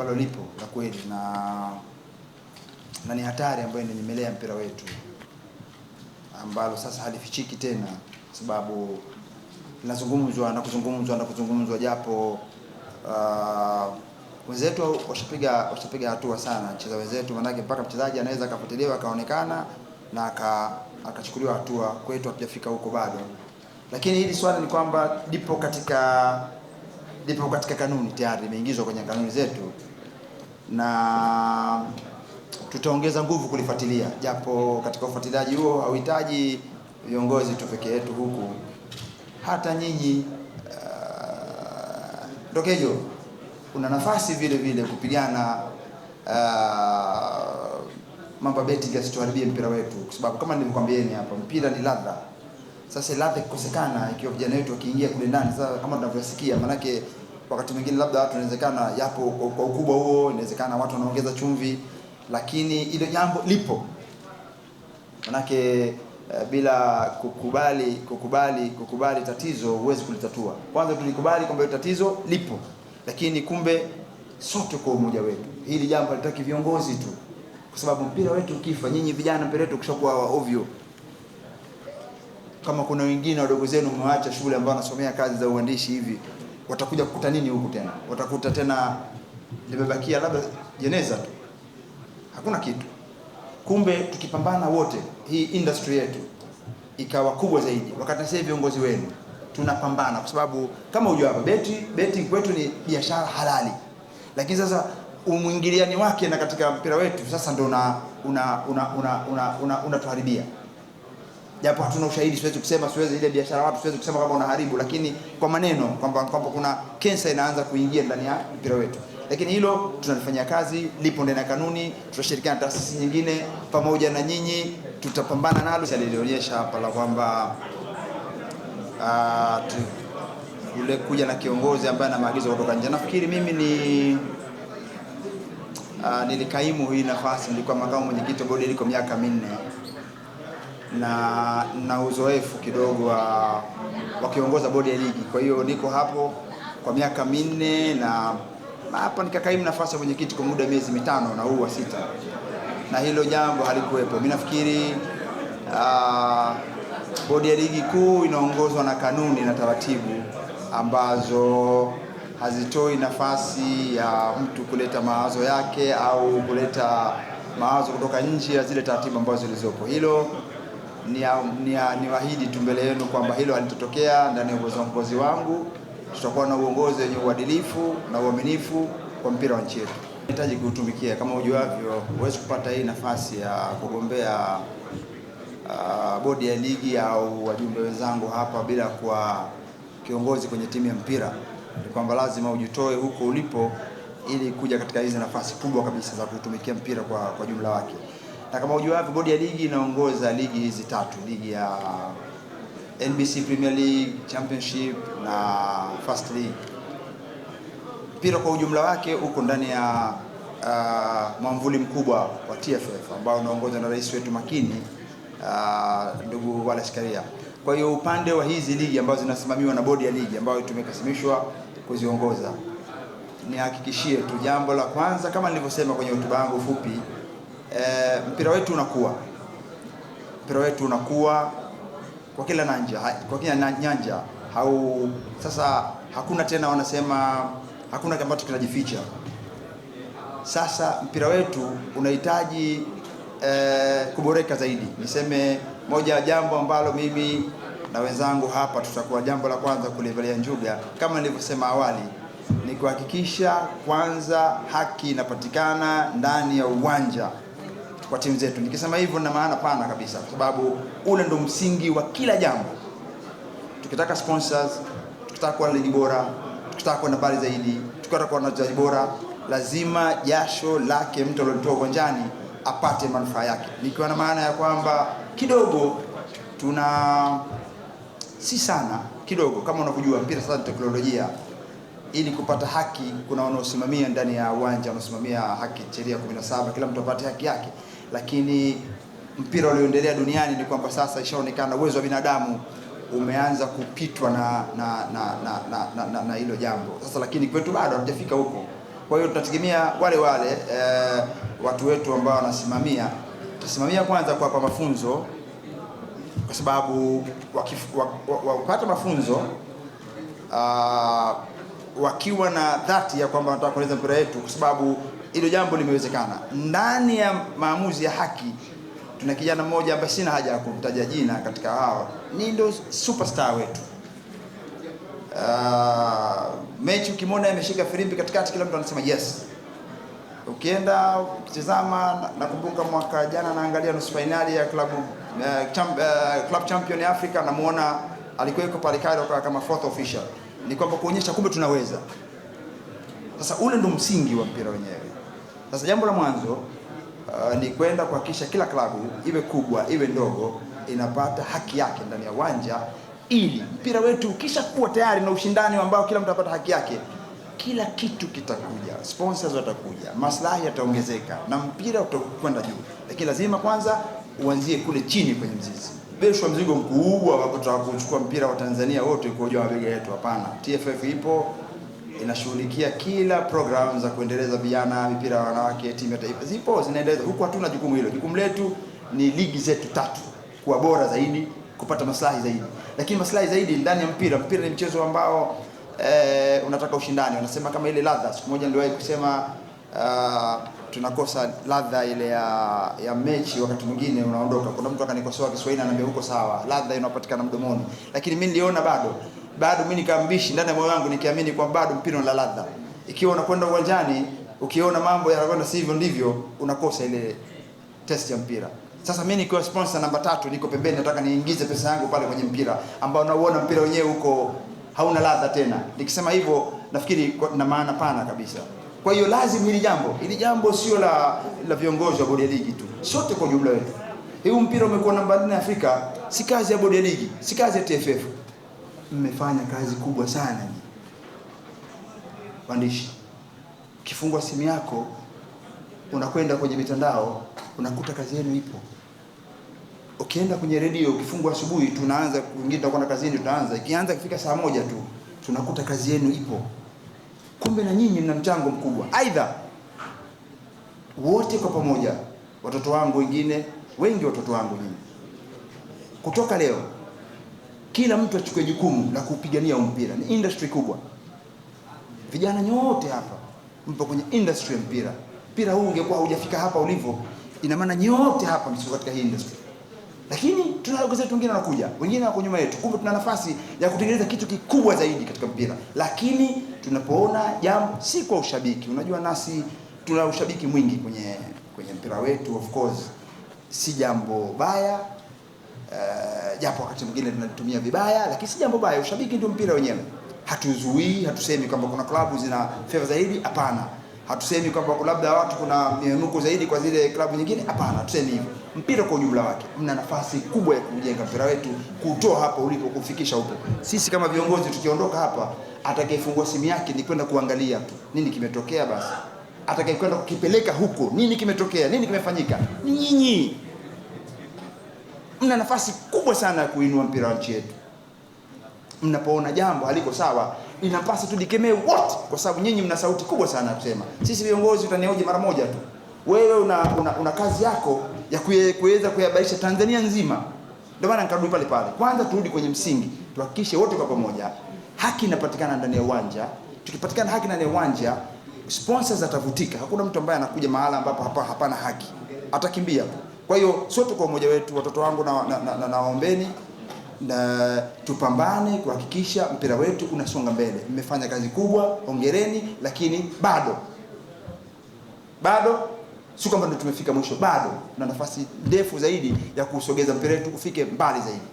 ambalo lipo la kweli na na ni hatari ambayo inanyemelea mpira wetu ambalo sasa halifichiki tena, sababu linazungumzwa na kuzungumzwa na kuzungumzwa, japo uh, wenzetu washapiga washapiga hatua sana cheza wenzetu, maanake mpaka mchezaji anaweza akafuatiliwa akaonekana na akachukuliwa hatua. Kwetu hatujafika huko bado, lakini hili swala ni kwamba lipo katika lipo katika kanuni tayari, limeingizwa kwenye kanuni zetu na tutaongeza nguvu kulifuatilia, japo katika ufuatiliaji huo hauhitaji viongozi tu peke yetu huku, hata nyinyi uh, Ndokejo kuna nafasi vile vile kupigana uh, mambo beti yasituharibie mpira wetu, kwa sababu kama nilivyokwambieni hapa, mpira ni ladha. Sasa ladha ikikosekana, ikiwa vijana wetu wakiingia kule ndani, sasa kama tunavyosikia, maanake wakati mwingine labda watu inawezekana yapo kwa ukubwa huo, inawezekana watu wanaongeza chumvi, lakini ile jambo lipo manake eh, bila kukubali kukubali kukubali tatizo huwezi kulitatua. Kwanza tulikubali kwamba tatizo lipo, lakini kumbe sote kwa umoja wetu hili jambo litaki viongozi tu, kwa sababu mpira wetu ukifa, nyinyi vijana mpira wetu ukishakuwa ovyo kama kuna wengine wadogo zenu mmewaacha shule ambao wanasomea kazi za uandishi hivi, watakuja kukuta nini huku tena? Watakuta tena limebakia labda jeneza tu, hakuna kitu. Kumbe tukipambana wote, hii industry yetu ikawa kubwa zaidi. Wakati sasa viongozi wenu tunapambana, kwa sababu kama hujua hapa, beti beti kwetu ni biashara halali, lakini sasa umwingiliani wake na katika mpira wetu sasa ndo una una una, una, una, una, una, una japo hatuna ushahidi, siwezi kusema, siwezi ile biashara watu, siwezi kusema kama unaharibu, lakini kwa maneno kwamba kwamba kuna kensa inaanza kuingia ndani ya mpira wetu. Lakini hilo tunalifanyia kazi, lipo ndani ya kanuni, tutashirikiana taasisi nyingine pamoja na nyinyi, tutapambana nalo. Alilionyesha hapa la kwamba ah, ule kuja na kiongozi ambaye ana maagizo kutoka nje. Nafikiri mimi ni uh, ah, nilikaimu hii nafasi, nilikuwa makamu mwenyekiti wa bodi liko miaka minne na na uzoefu kidogo wa wakiongoza bodi ya ligi. Kwa hiyo niko hapo kwa miaka minne na hapa nikakaimu nafasi ya mwenyekiti kwa muda miezi mitano na huu wa sita, na hilo jambo halikuwepo. Mimi nafikiri ah, bodi ya ligi kuu inaongozwa na kanuni na taratibu ambazo hazitoi nafasi ya mtu kuleta mawazo yake au kuleta mawazo kutoka nje ya zile taratibu ambazo zilizopo. Hilo niwahidi tu mbele yenu kwamba hilo halitotokea ndani ya uongozi wangu. Tutakuwa na uongozi wenye uadilifu na uaminifu kwa mpira wa nchi yetu. Nahitaji kuutumikia. Kama ujuavyo, huwezi kupata hii nafasi ya kugombea uh, bodi ya ligi au wajumbe wenzangu hapa bila kuwa kiongozi kwenye timu ya mpira. Ni kwamba lazima ujitoe huko ulipo ili kuja katika hizi nafasi kubwa kabisa za kutumikia mpira kwa, kwa jumla wake na kama ujuavyo, bodi ya ligi inaongoza ligi hizi tatu, ligi ya NBC Premier League, Championship na First League. Mpira kwa ujumla wake uko ndani ya uh, mwamvuli mkubwa wa TFF ambao unaongozwa na rais wetu makini uh, ndugu Wallace Karia. Kwa hiyo upande wa hizi ligi ambazo zinasimamiwa na bodi ya ligi ambayo tumekasimishwa kuziongoza, nihakikishie tu jambo la kwanza, kama nilivyosema kwenye hotuba yangu fupi e, mpira wetu unakuwa mpira wetu unakuwa kwa kila nyanja, kwa kila nyanja hau sasa, hakuna tena wanasema hakuna ambacho kinajificha. Sasa mpira wetu unahitaji e, kuboreka zaidi. Niseme moja ya jambo ambalo mimi na wenzangu hapa tutakuwa jambo la kwanza kulivalia njuga kama nilivyosema awali ni kuhakikisha kwanza haki inapatikana ndani ya uwanja kwa timu zetu. Nikisema hivyo na maana pana kabisa, kwa sababu ule ndo msingi wa kila jambo. Tukitaka sponsors, tukitaka kuwa na ligi bora, tukitaka kuwa na bali zaidi, tukitaka kuwa na wachezaji bora, lazima jasho lake mtu aliyetoa uwanjani apate manufaa yake, nikiwa na maana ya kwamba kidogo tuna si sana kidogo, kama unavyojua mpira sasa ni teknolojia. Ili kupata haki, kuna wanaosimamia ndani ya uwanja, wanaosimamia haki, sheria 17, kila mtu apate haki yake lakini mpira ulioendelea duniani ni kwamba sasa ishaonekana uwezo wa binadamu umeanza kupitwa na na na na, na, na, na, na hilo jambo sasa, lakini kwetu bado hatujafika huko. Kwa hiyo tunategemea wale wale e, watu wetu ambao wanasimamia, tutasimamia kwanza kuwapa mafunzo, kwa sababu wakipata mafunzo a, ah, wakiwa na dhati ya kwamba wanataka kueleza mpira wetu, kwa sababu hilo jambo limewezekana ndani ya maamuzi ya haki. Tuna kijana mmoja ambaye sina haja ya kumtaja jina katika hao, ni ndo superstar wetu. Uh, mechi ukimwona ameshika firimbi katikati, kila mtu anasema yes. Ukienda ukitazama, nakumbuka mwaka jana naangalia nusu finali ya klabu uh, champ, uh, club champion ya Africa, namuona alikuwa yuko pale Cairo kama fourth official, ni kwamba kuonyesha kumbe tunaweza. Sasa ule ndo msingi wa mpira wenyewe. Sasa jambo la mwanzo uh, ni kwenda kuhakikisha kila klabu iwe kubwa iwe ndogo inapata haki yake ndani ya uwanja, ili mpira wetu ukisha kuwa tayari na ushindani ambao kila mtu apata haki yake, kila kitu kitakuja, sponsors watakuja, maslahi yataongezeka na mpira utakwenda juu. Lakini lazima kwanza uanzie kule chini kwenye mzizi. Beshwa mzigo mkubwa wa kutaka kuchukua mpira wa Tanzania wote kwa mabega yetu, hapana. TFF ipo inashughulikia kila program za kuendeleza vijana, mipira ya wanawake, timu ya taifa zipo zinaendeleza. Huku hatuna jukumu hilo. Jukumu letu ni ligi zetu tatu kuwa bora zaidi, kupata maslahi zaidi, lakini maslahi zaidi ndani ya mpira. Mpira ni mchezo ambao eh, unataka ushindani, wanasema kama ile ladha. Siku moja niliwahi kusema uh, tunakosa ladha ile ya, ya mechi. Wakati mwingine unaondoka, kuna mtu akanikosoa Kiswahili, ananiambia huko sawa, ladha inapatikana mdomoni, lakini mimi niliona bado bado mimi nikambishi ndani ya moyo wangu nikiamini kwamba bado mpira una ladha. Ikiwa unakwenda uwanjani ukiona mambo yanakwenda si hivyo ndivyo, unakosa ile test ya mpira. Sasa mimi nikiwa sponsor namba tatu, niko pembeni, nataka niingize pesa yangu pale kwenye mpira ambao nauona mpira wenyewe huko hauna ladha tena. Nikisema hivyo, nafikiri na maana pana kabisa. Kwa hiyo lazima hili jambo hili jambo sio la la viongozi wa bodi ya ligi tu, sote kwa jumla wetu. Huu mpira umekuwa namba 4 Afrika, si kazi ya bodi ya ligi, si kazi ya TFF mmefanya kazi kubwa sana waandishi. Ukifungua simu yako unakwenda kwenye mitandao unakuta kazi yenu ipo. Ukienda kwenye redio ukifungua asubuhi, tunaanza wengine tutakwenda kazini, tunaanza ikianza kifika saa moja tu tunakuta kazi yenu ipo. Kumbe na nyinyi mna mchango mkubwa, aidha wote kwa pamoja, watoto wangu wengine wengi, watoto wangu nyinyi, kutoka leo kila mtu achukue jukumu la kupigania mpira. Ni industry kubwa, vijana nyote hapa mpo kwenye industry ya mpira. Mpira huu ungekuwa haujafika hapa ulivyo, ina maana nyote hapa msiko katika hii industry, lakini tuna ndugu zetu wengine wanakuja, wengine wako nyuma yetu. Kumbe tuna nafasi ya kutengeneza kitu kikubwa zaidi katika mpira, lakini tunapoona jambo si kwa ushabiki. Unajua, nasi tuna ushabiki mwingi kwenye kwenye mpira wetu, of course si jambo baya Eh, japo wakati mwingine tunatumia vibaya, lakini si jambo baya. Ushabiki ndio mpira wenyewe, hatuzuii. Hatusemi kwamba kuna klabu zina fedha zaidi, hapana. Hatusemi kwamba labda watu kuna mienuko zaidi kwa zile klabu nyingine, hapana. Hatusemi hivyo. Mpira kwa ujumla wake, mna nafasi kubwa ya kujenga mpira wetu, kutoa hapa ulipo, kufikisha huko. Sisi kama viongozi tukiondoka hapa, atakayefungua simu yake ni kwenda kuangalia tu nini kimetokea, basi atakayekwenda kukipeleka huko, nini kimetokea, nini kimefanyika, ni nyinyi mna nafasi kubwa sana ya kuinua mpira wa nchi yetu. Mnapoona jambo haliko sawa, inapasa tulikemee wote, kwa sababu nyinyi mna sauti kubwa sana ya kusema. Sisi viongozi utanioje mara moja tu, wewe una, una, una kazi yako ya kuweza kuyabaisha Tanzania nzima. Ndio maana nikarudi pale pale, kwanza turudi kwenye msingi, tuhakikishe wote kwa pamoja haki inapatikana ndani ya uwanja. Tukipatikana haki ndani ya uwanja, sponsors atavutika. Hakuna mtu ambaye anakuja mahala ambapo hapa hapana haki, atakimbia. Kwa hiyo sote kwa umoja wetu, watoto wangu, nawaombeni na, na, na, na tupambane kuhakikisha mpira wetu unasonga mbele. Mmefanya kazi kubwa, hongereni, lakini bado bado si kwamba ndio tumefika mwisho, bado na nafasi ndefu zaidi ya kusogeza mpira wetu ufike mbali zaidi.